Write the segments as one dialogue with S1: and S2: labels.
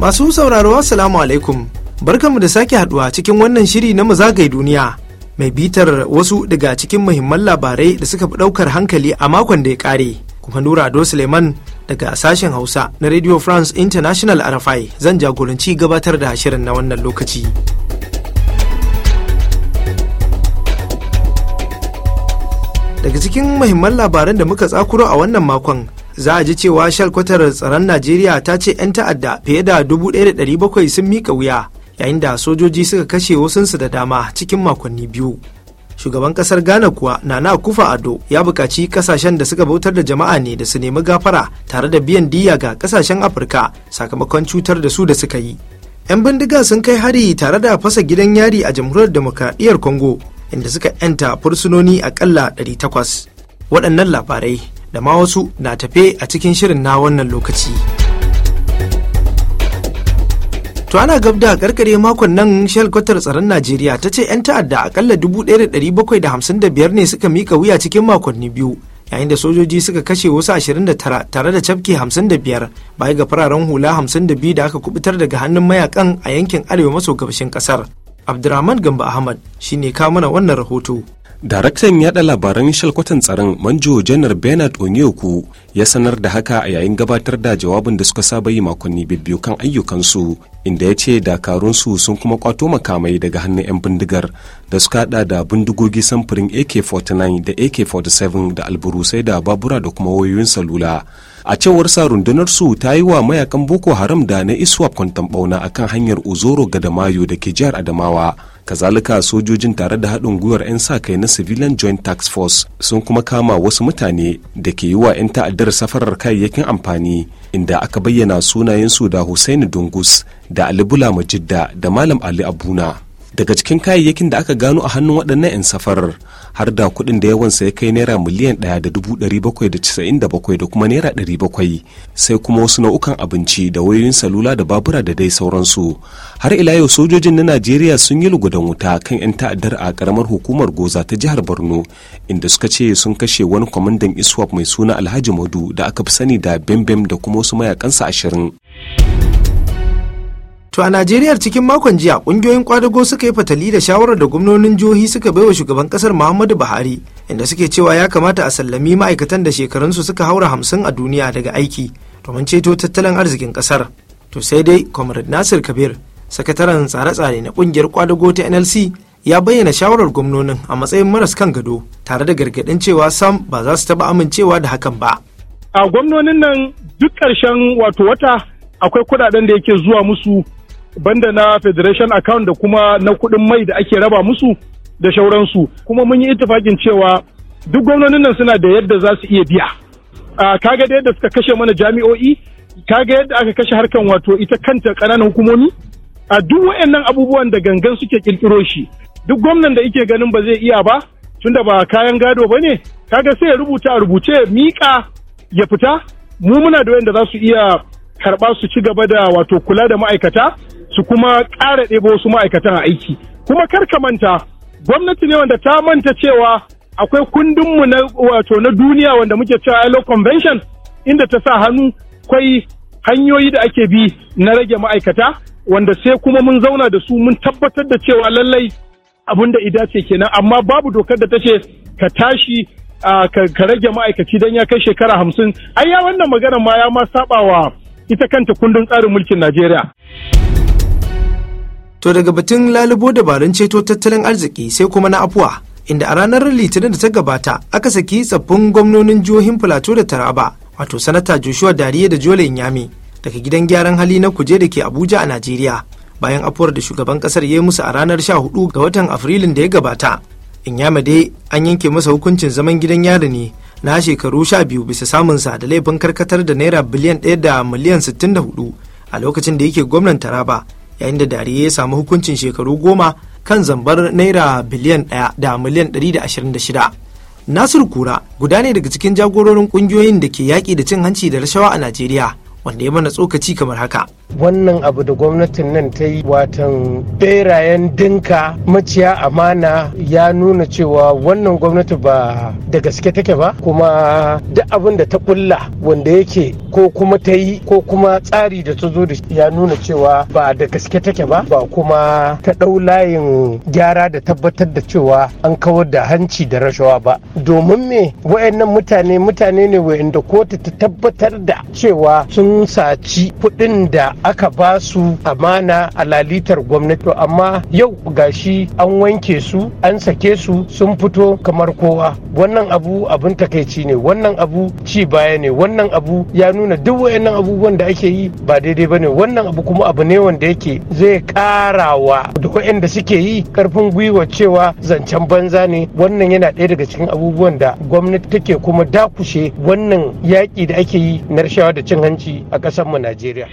S1: Masu sauraro Assalamu alaikum. Barkanmu da sake haduwa cikin wannan shiri na mazagai duniya mai bitar wasu daga cikin muhimman labarai da suka fi daukar hankali a makon da ya kare. Kuma Nura Ado Suleiman daga sashen Hausa na Radio France International RFI zan jagoranci gabatar da shirin na wannan lokaci. Daga cikin muhimman labaran da muka tsakuro a wannan makon za a ji cewa shalkwatar tsaron najeriya ta ce 'yan ta'adda fiye da 1,700 sun mika wuya yayin da sojoji suka kashe wasunsu da dama cikin makonni biyu shugaban kasar ghana kuwa na nana kufa ado ya bukaci kasashen da suka bautar da jama'a ne da su nemi gafara tare da biyan diya ga kasashen afirka sakamakon cutar da su da suka yi 'yan bindiga sun kai hari tare da fasa gidan yari a jamhuriyar demokradiyyar congo inda suka 'yanta fursunoni akalla 800 waɗannan labarai da ma wasu na tafe a cikin shirin na wannan lokaci. To ana gab da karkare makon nan shelkwatar tsaron Najeriya ta ce 'yan ta'adda akalla 1,755 ne suka mika wuya cikin makonni biyu yayin da sojoji suka kashe wasu 29 tare da cafke 55 baya ga fararen hula 52 da aka kubutar daga hannun mayakan a yankin arewa maso gabashin kasar. Abdurrahman Gamba Ahmad shine ne mana wannan rahoto.
S2: Daraktan yada labaran shalkwatan tsaron Manjo Janar Bernard Onyeku ya sanar da haka a yayin gabatar da jawabin da suka saba yi makonni biyu kan ayyukansu inda ya ce dakarunsu sun kuma kwato makamai daga hannun 'yan bindigar da suka hada da bindigogi samfurin AK-49 da AK-47 da alburusai da babura da kuma wayoyin salula. a cewar sa rundunar su ta yi wa mayakan boko haram da na iswap kwantan bauna kan hanyar uzoro ga da ke jihar adamawa kazalika sojojin tare da haɗin gwiwar 'yan sa kai na civilian joint tax force sun kuma kama wasu mutane da ke yi wa 'yan ta'addar safarar kayayyakin amfani inda aka bayyana sunayensu da hussaini dungus da ali bula da malam ali abuna daga cikin kayayyakin da aka gano a hannun waɗannan 'yan safarar har da kuɗin da yawansa ya kai naira miliyan ɗaya da dubu ɗari bakwai da casa'in da bakwai da kuma naira ɗari bakwai sai kuma wasu nau'ukan abinci da wayoyin salula da babura da dai sauransu har ila yau sojojin na najeriya sun yi lugudan wuta kan 'yan ta'addar a karamar hukumar goza ta jihar borno inda suka ce sun kashe wani kwamandan iswap mai suna alhaji madu da aka fi sani da bembem da kuma wasu mayakansa ashirin To a Najeriya cikin makon jiya kungiyoyin
S1: kwadago suka yi fatali da shawarar da gwamnonin jihohi suka baiwa shugaban ƙasar Muhammadu Buhari inda suke cewa ya kamata a sallami ma'aikatan da shekarunsu suka haura hamsin a duniya daga aiki domin ceto tattalin arzikin ƙasar, To sai dai Comrade Nasir Kabir, sakataren tsare-tsare na ƙungiyar kwadago ta NLC ya bayyana shawarar gwamnonin a matsayin maras kan gado tare da gargaɗin cewa sam ba za su taɓa amincewa da hakan ba. A gwamnonin nan duk ƙarshen
S3: wato wata akwai kuɗaɗen da yake zuwa musu banda na federation account da kuma na kuɗin mai da ake raba musu da shauransu kuma mun yi itifakin cewa duk gwamnonin nan suna da yadda za su iya biya kaga da yadda suka kashe mana jami'o'i kaga yadda aka kashe harkan wato ita kanta ƙananan hukumomi a duk wayannan abubuwan da gangan suke kirkiro shi duk gwamnan da yake ganin ba zai iya ba tunda ba kayan gado ba ne kaga sai ya rubuta a rubuce mika miƙa ya fita mu muna da wayanda za su iya karɓa su ci gaba da wato kula da ma'aikata su kuma ƙara ɗebo su ma'aikatan aiki kuma kar ka manta gwamnati ne wanda ta manta cewa akwai kundinmu na wato na duniya wanda muke cewa ILO convention inda ta sa hannu kwai hanyoyi da ake bi na rage ma'aikata wanda sai kuma mun zauna da su mun tabbatar da cewa lallai abin da ida ce kenan amma babu dokar da ta ce ka tashi ka rage ma'aikaci don ya kai shekara hamsin ai ya wannan magana ma ya ma saba wa
S1: ita kanta kundin tsarin mulkin Najeriya. To daga batun lalubo dabarun ceto tattalin arziki sai kuma na afuwa inda a ranar litinin da ta gabata aka saki tsaffin gwamnonin jihohin Filato da Taraba wato sanata Joshua Dariye da Jole Nyami daga gidan gyaran hali na kuje da ke Abuja a Najeriya bayan afuwar da shugaban kasar ya yi musu a ranar 14 ga watan Afrilun da ya gabata. Inyama dai an yanke masa hukuncin zaman gidan yari ne na shekaru 12 bisa sa da laifin karkatar da naira biliyan 1 da miliyan 64 a lokacin da yake gwamnan Taraba yayin da dariye ya samu hukuncin shekaru goma kan zambar naira biliyan ɗaya da miliyan ɗari da da ashirin shida nasiru kura guda ne daga cikin jagororin ƙungiyoyin da ke yaƙi da cin hanci da rashawa a najeriya wanda ya mana tsokaci kamar haka
S4: wannan abu da gwamnatin nan ta yi watan berayen dinka maciya amana ya nuna cewa wannan gwamnati ba da gaske take ba kuma duk abin da ta kulla wanda yake ko kuma ta yi ko kuma tsari da ta zo da ya nuna cewa ba da gaske take ba ba kuma ta ɗau layin gyara da tabbatar da cewa an kawar da hanci da rashawa ba domin me wayannan mutane mutane ne wayanda kotu ta tabbatar da cewa sun saci kuɗin da aka ba su amana a lalitar gwamnati amma yau gashi an wanke su an sake su sun fito kamar kowa wannan abu abin takaici ne wannan abu ci baya ne wannan abu ya nuna duk wayannan abubuwan da ake yi ba daidai bane wannan abu kuma abu ne wanda yake zai karawa da wayanda suke yi karfin gwiwa cewa zancen banza ne wannan yana ɗaya daga cikin abubuwan da gwamnati take kuma dakushe wannan yaƙi da ake yi na rashawa da cin hanci a ƙasar mu Najeriya.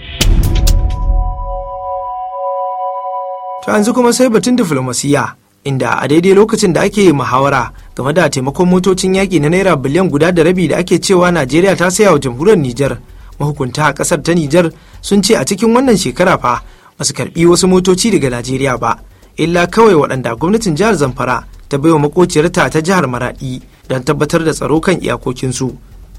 S4: To yanzu kuma
S1: sai batun diflomasiya inda a daidai lokacin da ake muhawara game da taimakon motocin yaƙi na naira biliyan guda da rabi da ake cewa Najeriya ta saya wa jamhuriyar Nijar mahukunta a ƙasar ta Nijar sun ce a cikin wannan shekara fa ba su karɓi wasu motoci daga Najeriya ba illa kawai waɗanda gwamnatin jihar Zamfara ta baiwa makociyarta ta jihar Maraɗi don tabbatar da tsaro kan iyakokinsu.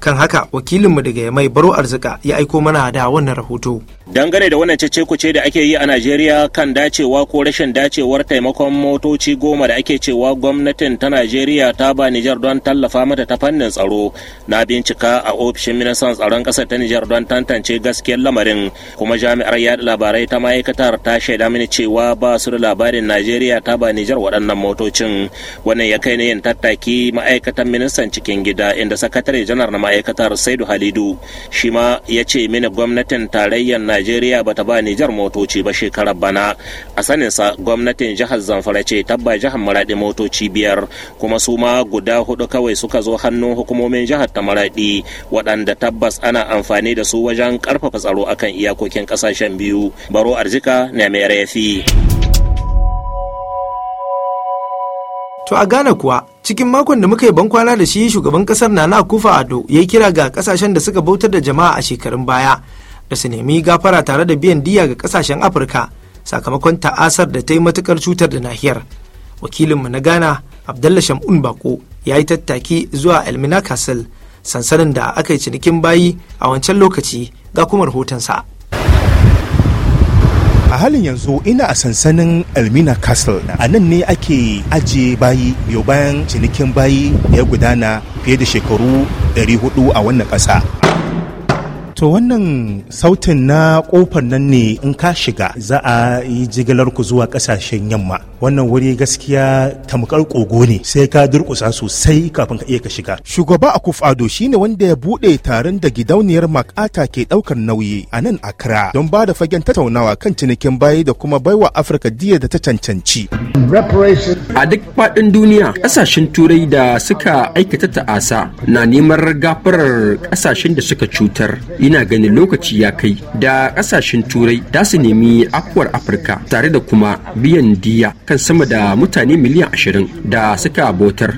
S1: kan haka wakilinmu daga mai baro arzika ya aiko mana da wannan rahoto
S2: dangane da wannan cece da ake yi a najeriya kan dacewa ko rashin dacewar taimakon motoci goma da ake cewa gwamnatin ta najeriya ta ba nijar don tallafa mata ta fannin tsaro na bincika a ofishin ministan tsaron ƙasar ta nijar don tantance gaskiyar lamarin kuma jami'ar yaɗa labarai ta ma'aikatar ta shaida mini cewa ba su da labarin najeriya ta ba nijar waɗannan motocin wannan ya kai ne yin tattaki ma'aikatan ministan cikin gida inda sakatare janar na ma'aikatar saidu halidu shi ma ya ce mini gwamnatin tarayyar najeriya bata ba nijar motoci ba shekarar bana a saninsa gwamnatin jihar zamfara ce tabba jihar maradi motoci biyar kuma su ma guda hudu kawai suka zo hannun hukumomin jihar ta maradi waɗanda tabbas ana amfani da su wajen ƙarfafa tsaro akan iyakokin ƙasashen biyu baro arzika na mai rafi.
S1: To a Ghana kuwa cikin makon da muka yi bankwana da shi shugaban kasar nana akufa ado ya yi kira ga kasashen da suka bautar da jama'a a shekarun baya da su nemi gafara tare da biyan diya ga kasashen afirka sakamakon ta'asar da ta yi matukar cutar da nahiyar wakilinmu na ghana abdallah shamun bako ya yi tattaki zuwa elmina castle sansanin da aka yi cinikin bayi a wancan lokaci ga kuma rahotonsa.
S5: a halin yanzu ina a sansanin elmina castle a nan ne ake ajiye bayi biyo bayan cinikin bayi da ya gudana fiye da shekaru 400 a wannan ƙasa To wannan sautin na kofar nan ne in ka shiga za a yi jigilar ku zuwa kasashen yamma. Wannan wuri gaskiya tamkar kogo ne sai ka durkusa sosai kafin ka iya ka shiga. Shugaba Akuf Ado shine wanda ya bude taron da gidauniyar Makata ke daukar nauyi a nan Accra don ba da fagen tattaunawa kan cinikin bayi da kuma baiwa Afirka diya da ta cancanci.
S6: A duk faɗin duniya ƙasashen turai da suka aikata ta'asa na neman gafarar ƙasashen da suka cutar. ina ganin lokaci ya kai da kasashen turai da su nemi afuwar afirka tare da kuma biyan diya kan sama da mutane miliyan ashirin da suka bautar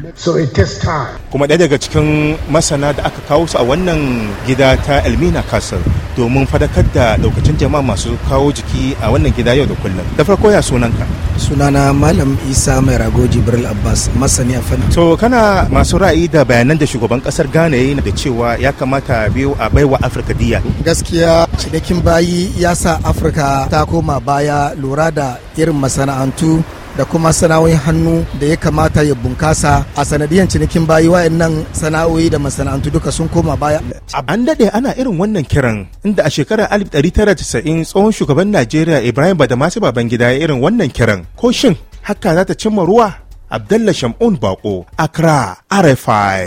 S6: kuma ɗaya
S5: daga cikin masana da aka kawo su a wannan gida ta elmina castle domin fadakar da lokacin jama'a masu kawo jiki a wannan gida yau da kullum da farko ya sunanka sunana
S6: malam isa mai rago jibril abbas masani a fannin
S5: to kana masu ra'ayi da bayanan da shugaban kasar ghana ya yi da cewa ya kamata biyu a baiwa afirka diya
S6: gaskiya cikakken bayi ya sa afirka ta koma baya lura da irin masana'antu da kuma sana'o'in hannu da ya kamata ya bunkasa a sanadiyan cinikin bayi wa'annan sana'o'i da masana'antu duka sun koma baya. An daɗe ana irin wannan kiran inda a shekarar
S5: 1990 tsohon shugaban Najeriya Ibrahim Badamasi Babangida ya irin wannan kiran. Ko shin haka za ta cimma ruwa? Abdallah Shamun Bako, Accra, RFI.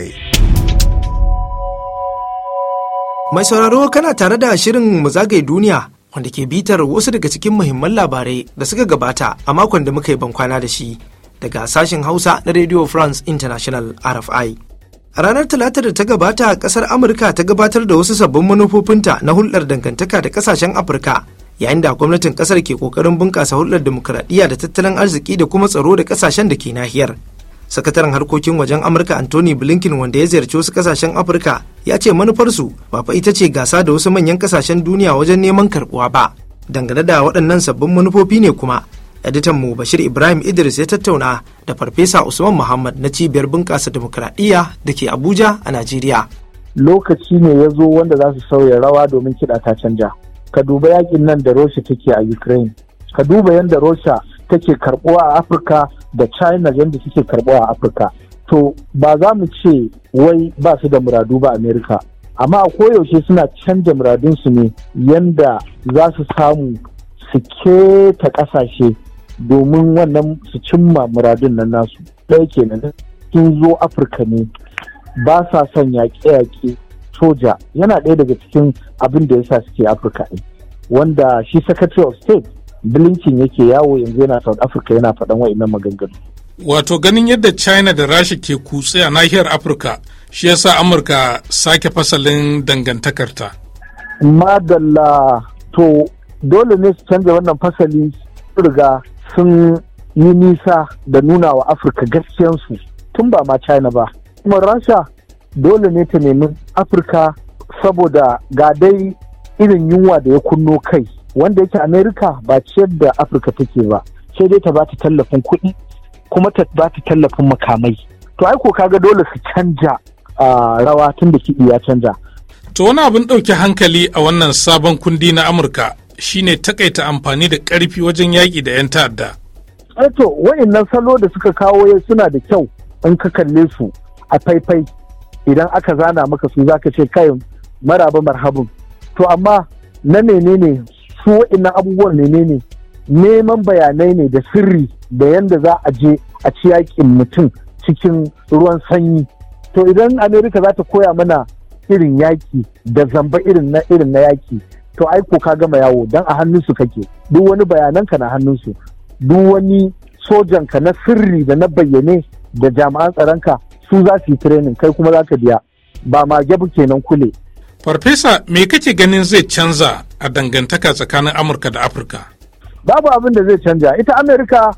S1: Mai sauraro kana tare da shirin mu zagaye duniya wanda ke bitar wasu daga cikin muhimman labarai da suka gabata a makon da muka yi bankwana da shi daga sashen Hausa na Radio France International RFI. A ranar Talata da ta gabata kasar Amurka ta gabatar da wasu sabbin manufofinta na hulɗar dangantaka da ƙasashen Afirka yayin da gwamnatin ƙasar ke ƙoƙarin bunƙasa hulɗar dimokuraɗiyya da tattalin arziki da kuma tsaro da ƙasashen da ke nahiyar. sakataren harkokin wajen amurka anthony blinken wanda ya ziyarci wasu kasashen afirka ya ce manufarsu ba fa ita ce gasa da wasu manyan kasashen duniya wajen neman karbuwa ba dangane da waɗannan sabbin manufofi ne kuma editan mu bashir ibrahim idris ya tattauna da farfesa usman muhammad na cibiyar bunƙasa dimokuraɗiyya da ke abuja a najeriya
S7: lokaci ne ya zo wanda za su sauya rawa domin kiɗa ta canja ka duba yaƙin nan da rosha take a ukraine ka duba yadda rosha take karɓuwa a afirka da china yadda suke karɓo a afirka to ba za mu ce wai ba su da muradu ba amerika amma a koyaushe suna canja muradunsu ne yadda za su samu su keta ƙasashe domin wannan su cimma muradun nan nasu ɗaya kenan sun zo afirka ne ba sa son yaƙe-yaƙe soja yana ɗaya daga cikin abin da ya sa suke afirka ne wanda shi secretary of state blinken yake yawo yanzu yana south africa yana faɗan wa'annan maganganu
S3: wato ganin yadda china da rasha ke kutse a nahiyar afirka shi yasa amurka sake fasalin dangantakarta
S7: madalla to dole ne su canza wannan fasali riga sun yi nisa da nuna wa afirka gaskiyansu tun ba ma china ba kuma rasha dole ne ta nemi afirka saboda ga dai irin yunwa da ya kunno kai wanda yake Amerika ba ciyar da afirka take ba sai dai ta ba ta tallafin kuɗi kuma ta ba ta tallafin makamai to ai ko kaga dole su canja rawa tun da kiɗi ya canja
S3: to wani abin ɗauki hankali a wannan sabon kundi na amurka shine takaita amfani da ƙarfi wajen yaƙi da 'yan ta'adda
S7: to wa'annan salo da suka kawo suna da kyau in ka kalle su a faifai idan aka zana maka su zaka ce kai maraba marhabun. to amma na menene su waɗannan abubuwan menene neman bayanai ne da sirri da yadda za a je a ci yakin mutum cikin ruwan sanyi to idan amerika za ta koya mana irin yaki da zamba irin na irin na yaki to ai ko ka gama yawo don a hannunsu kake duk wani bayananka na hannunsu duk wani sojanka na sirri da na bayyane da jami'an tsaronka su za su yi training kai kuma za ka biya ba mage kenan kule
S3: Farfesa me kake ganin zai canza a dangantaka tsakanin Amurka da Afirka?
S7: Babu abin da zai canja. Ita Amurka,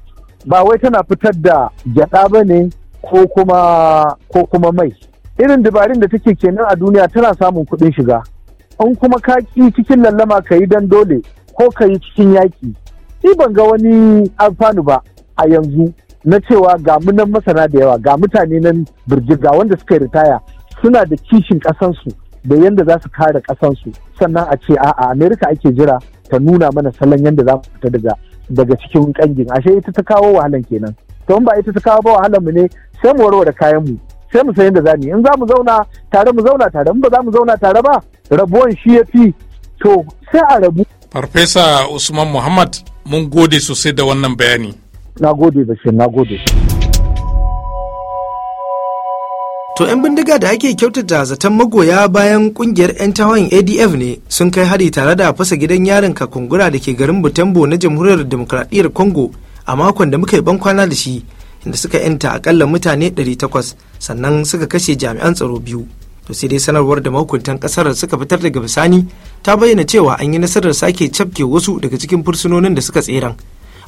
S7: ba wai tana fitar da gyaɗa ba ne ko kuma mai. Irin dabarun da take kenan a duniya tana samun kuɗin shiga. In kuma ka ƙi cikin lallama ka yi dan dole ko ka yi cikin yaƙi. Ni ban ga wani alfanu ba a yanzu na cewa ga munan masana da yawa ga mutane nan birjir wanda suka yi ritaya suna da kishin ƙasansu da yadda za su kare kasansu sannan a ce a amerika ake jira ta nuna mana salon yadda za mu fita daga daga cikin kangin ashe ita ta kawo wahalan kenan to ba ita ta kawo ba wahalan mu ne sai mu warware kayan mu sai mu san yadda za mu in za mu zauna tare mu zauna tare in ba za mu zauna tare ba rabuwan shi ya fi to sai
S3: a rabu farfesa usman muhammad mun gode sosai da wannan bayani na
S1: gode bashir na gode To 'yan bindiga da ake kyautata zaton magoya bayan ƙungiyar 'yan tawayin ADF ne sun kai hari tare da fasa gidan yarin Kakungura da ke garin Butembo na Jamhuriyar Demokradiyyar Congo a makon da muka yi bankwana da shi inda suka yanta akalla mutane 800 sannan suka kashe jami'an tsaro biyu. To sai dai sanarwar da mahukuntan kasar suka fitar daga bisani ta bayyana cewa an yi nasarar sake cafke wasu daga cikin fursunonin da suka tseren.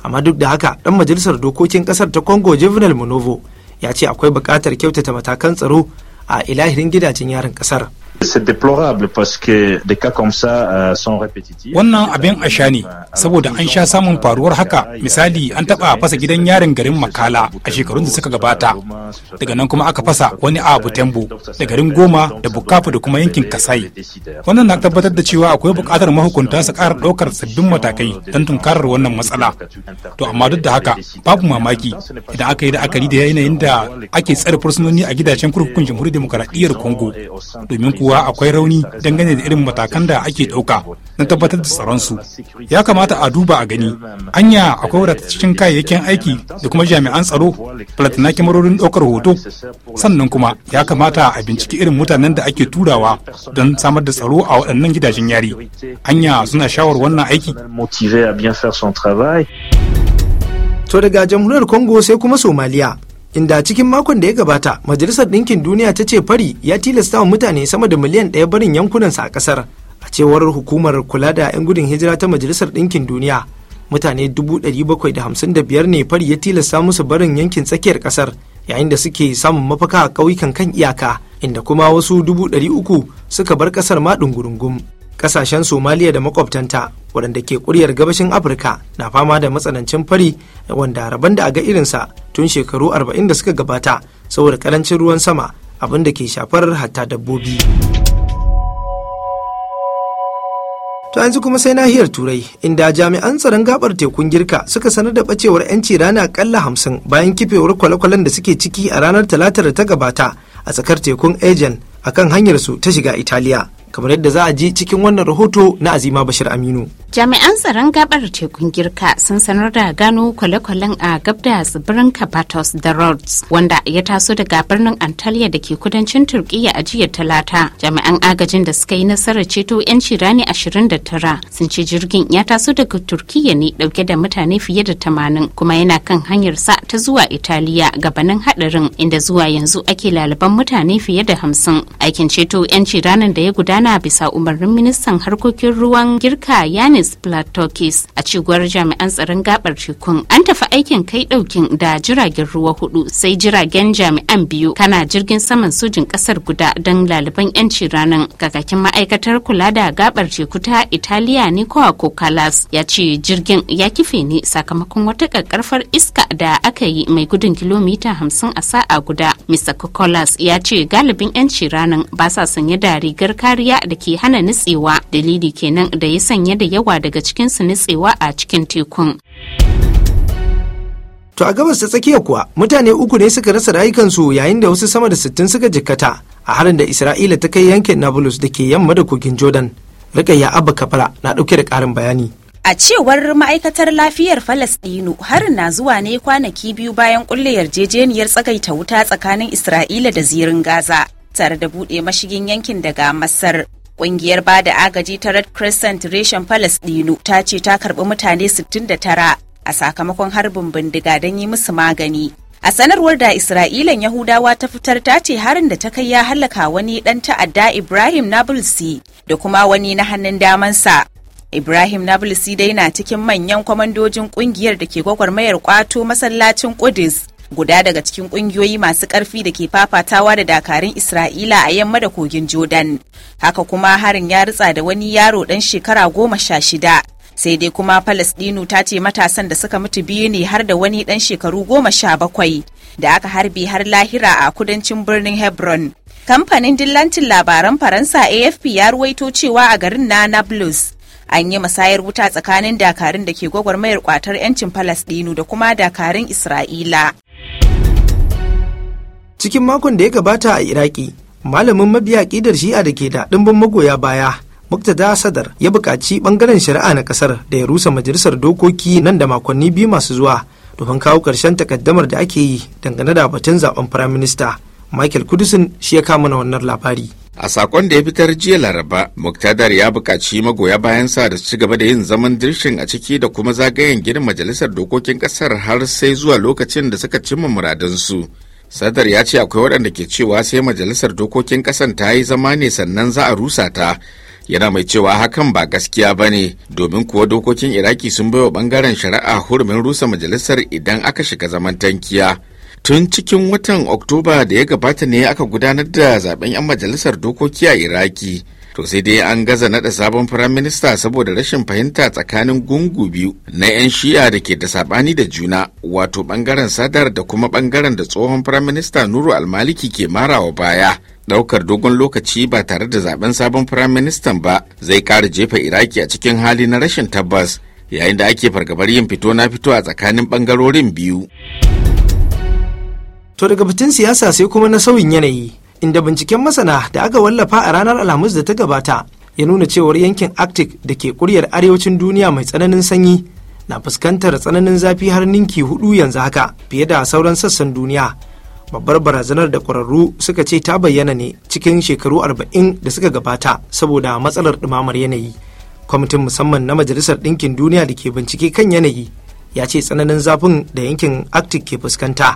S1: Amma duk da haka, ɗan majalisar dokokin kasar ta Congo Juvenal Monovo ya ce akwai buƙatar kyautata matakan tsaro a ilahirin gidajen yarin ƙasar
S5: C'est déplorable parce que des cas comme ça euh, sont répétitifs. Wannan abin a sha ne euh, saboda an sha samun faruwar haka euh, misali an taɓa fasa gidan yarin garin Makala a shekarun da suka gabata daga nan kuma aka fasa wani a Butembo da garin Goma da Bukafu da kuma yankin Kasai. Wannan na tabbatar da cewa akwai buƙatar mahukunta su ƙara ɗaukar sabbin matakai don tunkarar wannan matsala. To amma duk da haka babu mamaki idan aka yi la'akari da yanayin da ake tsare fursunoni a gidajen kurkukun jamhuriyar demokaradiyyar Congo domin kuwa kuwa akwai rauni dangane da irin matakan da ake ɗauka na tabbatar da tsaron su ya kamata a duba a gani anya akwai wadataccen kayayyakin aiki da kuma jami'an tsaro platina kyamarorin ɗaukar hoto sannan kuma ya kamata a binciki irin mutanen da ake turawa don samar da tsaro a waɗannan gidajen yari anya
S1: suna shawar wannan aiki to daga jamhuriyar congo sai kuma somaliya inda cikin makon da ya gabata majalisar ɗinkin duniya ta ce fari ya tilasta wa mutane sama da miliyan ɗaya barin yankunansa a ƙasar a cewar hukumar kula da 'yan gudun hijira ta majalisar ɗinkin duniya mutane 755 ne fari ya tilasta musu barin yankin tsakiyar ƙasar yayin da suke samun mafaka a ƙauyukan kan iyaka inda kuma wasu 300 suka bar ƙasar ma ɗungurungum. kasashen somaliya da makwabtanta waɗanda ke kuryar gabashin afirka na fama da matsanancin fari wanda rabon da a ga irinsa tun shekaru 40 da suka gabata saboda karancin ruwan sama abin da ke shafar hatta dabbobi to yanzu kuma sai nahiyar turai inda jami'an tsaron gabar tekun girka suka sanar da bacewar 'yanci rana akalla hamsin bayan kifewar kwale-kwalen da suke ciki a ranar talatar da ta gabata a tsakar tekun aegean akan hanyarsu ta shiga italiya kamar yadda za a ji cikin wannan rahoto na azima bashir aminu
S8: jami'an tsaron gabar tekun girka sun sanar da gano kwale-kwalen a gab da tsibirin kapatos da rhodes wanda ya taso daga birnin antalya da ke kudancin turkiya a jiya talata jami'an agajin da suka yi nasarar ceto 'yanci rani 29 sun ce jirgin ya taso daga turkiya ne dauke da mutane fiye da tamanin kuma yana kan hanyar sa ta zuwa italiya gabanin hadarin inda zuwa yanzu ake lalaban mutane fiye da 50 aikin ceto 'yanci ranar da ya gudana gudana bisa umarnin ministan harkokin ruwan girka yanis platokis a cewar jami'an tsaron gabar tekun an tafi aikin kai daukin da jiragen ruwa hudu sai jiragen jami'an biyu kana jirgin saman sojin kasar guda don laliban yanci ranar kakakin ma'aikatar kula da gabar teku ta italiya ko kokalas ya ce jirgin ya kife ne sakamakon wata karkarfar iska da aka yi mai gudun kilomita hamsin a sa'a guda mr kokalas ya ce galibin yanci ranar ba sa sanye da rigar kariya kariya da ke hana nutsewa dalili kenan da ya sanya da yawa daga cikinsu nutsewa a cikin tekun.
S1: To a gabas ta tsakiya kuwa mutane uku ne suka rasa rayukansu yayin da wasu sama da sittin suka jikkata a harin da Isra'ila ta kai yankin Nablus da ke yamma da kogin Jordan. Rikayya Abba Kafara na ɗauke da ƙarin bayani.
S9: A cewar ma'aikatar lafiyar Falasɗinu harin na zuwa ne kwanaki biyu bayan ƙulle yarjejeniyar tsagaita wuta tsakanin Isra'ila da zirin Gaza. tare da buɗe mashigin yankin daga Masar. Ƙungiyar ba da agaji ta Red Crescent Reshen Dino ta ce ta karbi mutane 69 a sakamakon harbin bindiga don yi musu magani. A sanarwar da Isra'ilan Yahudawa ta fitar ta ce harin da ta kai ya hallaka wani dan ta'adda Ibrahim Nablusi da kuma wani na hannun damansa. Ibrahim Nablusi dai na cikin manyan kwamandojin ƙungiyar da ke gwagwarmayar kwato masallacin Kudus guda daga cikin kungiyoyi masu karfi da ke fafatawa da dakarun Isra'ila a yamma da kogin Jordan. Haka kuma harin ya ritsa da wani yaro dan shekara goma sha shida. Sai dai kuma Falasɗinu ta ce matasan da suka mutu biyu ne har da wani dan shekaru goma sha bakwai da aka harbe har lahira a kudancin birnin Hebron. Kamfanin dillancin labaran Faransa AFP ya ruwaito cewa a garin na Nablus an yi musayar wuta tsakanin dakarun da ke gwagwarmayar kwatar 'yancin Falasɗinu da kuma dakarun Isra'ila.
S1: cikin makon da ya gabata a iraki malamin mabiya ƙidar shi'a da ke da ɗimbin magoya baya muktada sadar ya bukaci bangaren shari'a na ƙasar da ya rusa majalisar dokoki nan da makonni biyu masu zuwa domin kawo ƙarshen takaddamar da ake yi dangane da batun zaben firaminista michael kudusin shi ya kama na wannan
S6: labari a sakon da ya fitar jiya laraba muktadar ya bukaci magoya bayansa da su ci gaba da yin zaman dirshin a ciki da kuma zagayen gidan majalisar dokokin ƙasar har sai zuwa lokacin da suka cimma muradunsu sadar ya ce akwai waɗanda ke cewa sai majalisar dokokin ƙasan ta yi zama ne sannan za a rusa ta yana mai cewa hakan ba gaskiya ba ne domin kuwa dokokin iraki sun bai wa ɓangaren shari'a hurumin rusa majalisar idan aka shiga zaman tankiya tun cikin watan oktoba da ya gabata ne aka gudanar da zaben 'yan majalisar dokoki a iraki To sai dai an gaza naɗa sabon firaminista saboda rashin fahimta tsakanin gungu biyu na 'yan shi'a da ke da sabani da juna wato ɓangaren sadar da kuma bangaren da tsohon firaminista Nuru Almaliki ke marawa baya. daukar dogon lokaci ba tare da zaben sabon firaministan ba zai kara jefa iraki a cikin hali na rashin tabbas yayin da ake fargabar yin fito na fito a tsakanin bangarorin biyu
S1: to daga fitin siyasa sai
S6: kuma na sauyin yanayi inda binciken
S1: masana da aka wallafa a ranar alhamis da ta gabata ya nuna cewar yankin arctic da ke kuryar arewacin duniya mai tsananin sanyi na fuskantar tsananin zafi har ninki hudu yanzu haka fiye da sauran sassan duniya babbar barazanar da kwararru suka ce ta bayyana ne cikin shekaru arba'in da suka gabata saboda matsalar dumamar yanayi kwamitin musamman na majalisar ɗinkin duniya da ke bincike kan yanayi ya ce tsananin zafin da yankin arctic ke fuskanta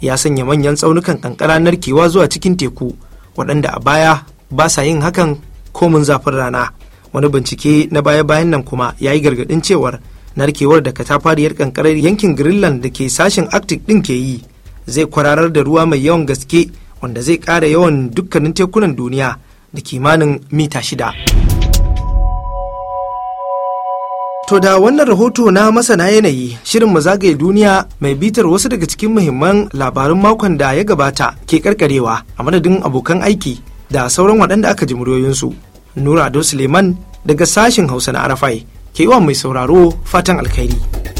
S1: ya sanya manyan tsaunukan kankara narkewa zuwa cikin teku waɗanda a baya ba sa yin hakan komin zafin rana wani bincike na baya-bayan nan kuma ya yi gargaɗin cewar narkewar da katafariyar kankarar yankin greenland da ke sashen arctic ɗin ke yi zai kwararar da ruwa mai yawan gaske wanda zai ƙara yawan dukkanin tekunan duniya da kimanin mita shida. To da wannan rahoto na masana yanayi shirin mu zagaye duniya mai bitar wasu daga cikin muhimman labarun makon da ya gabata ke karkarewa a madadin abokan aiki da sauran waɗanda aka ji muryoyinsu. Nura Ado Suleiman daga sashin Hausa na Arafai ke yi wa mai sauraro fatan alkhairi.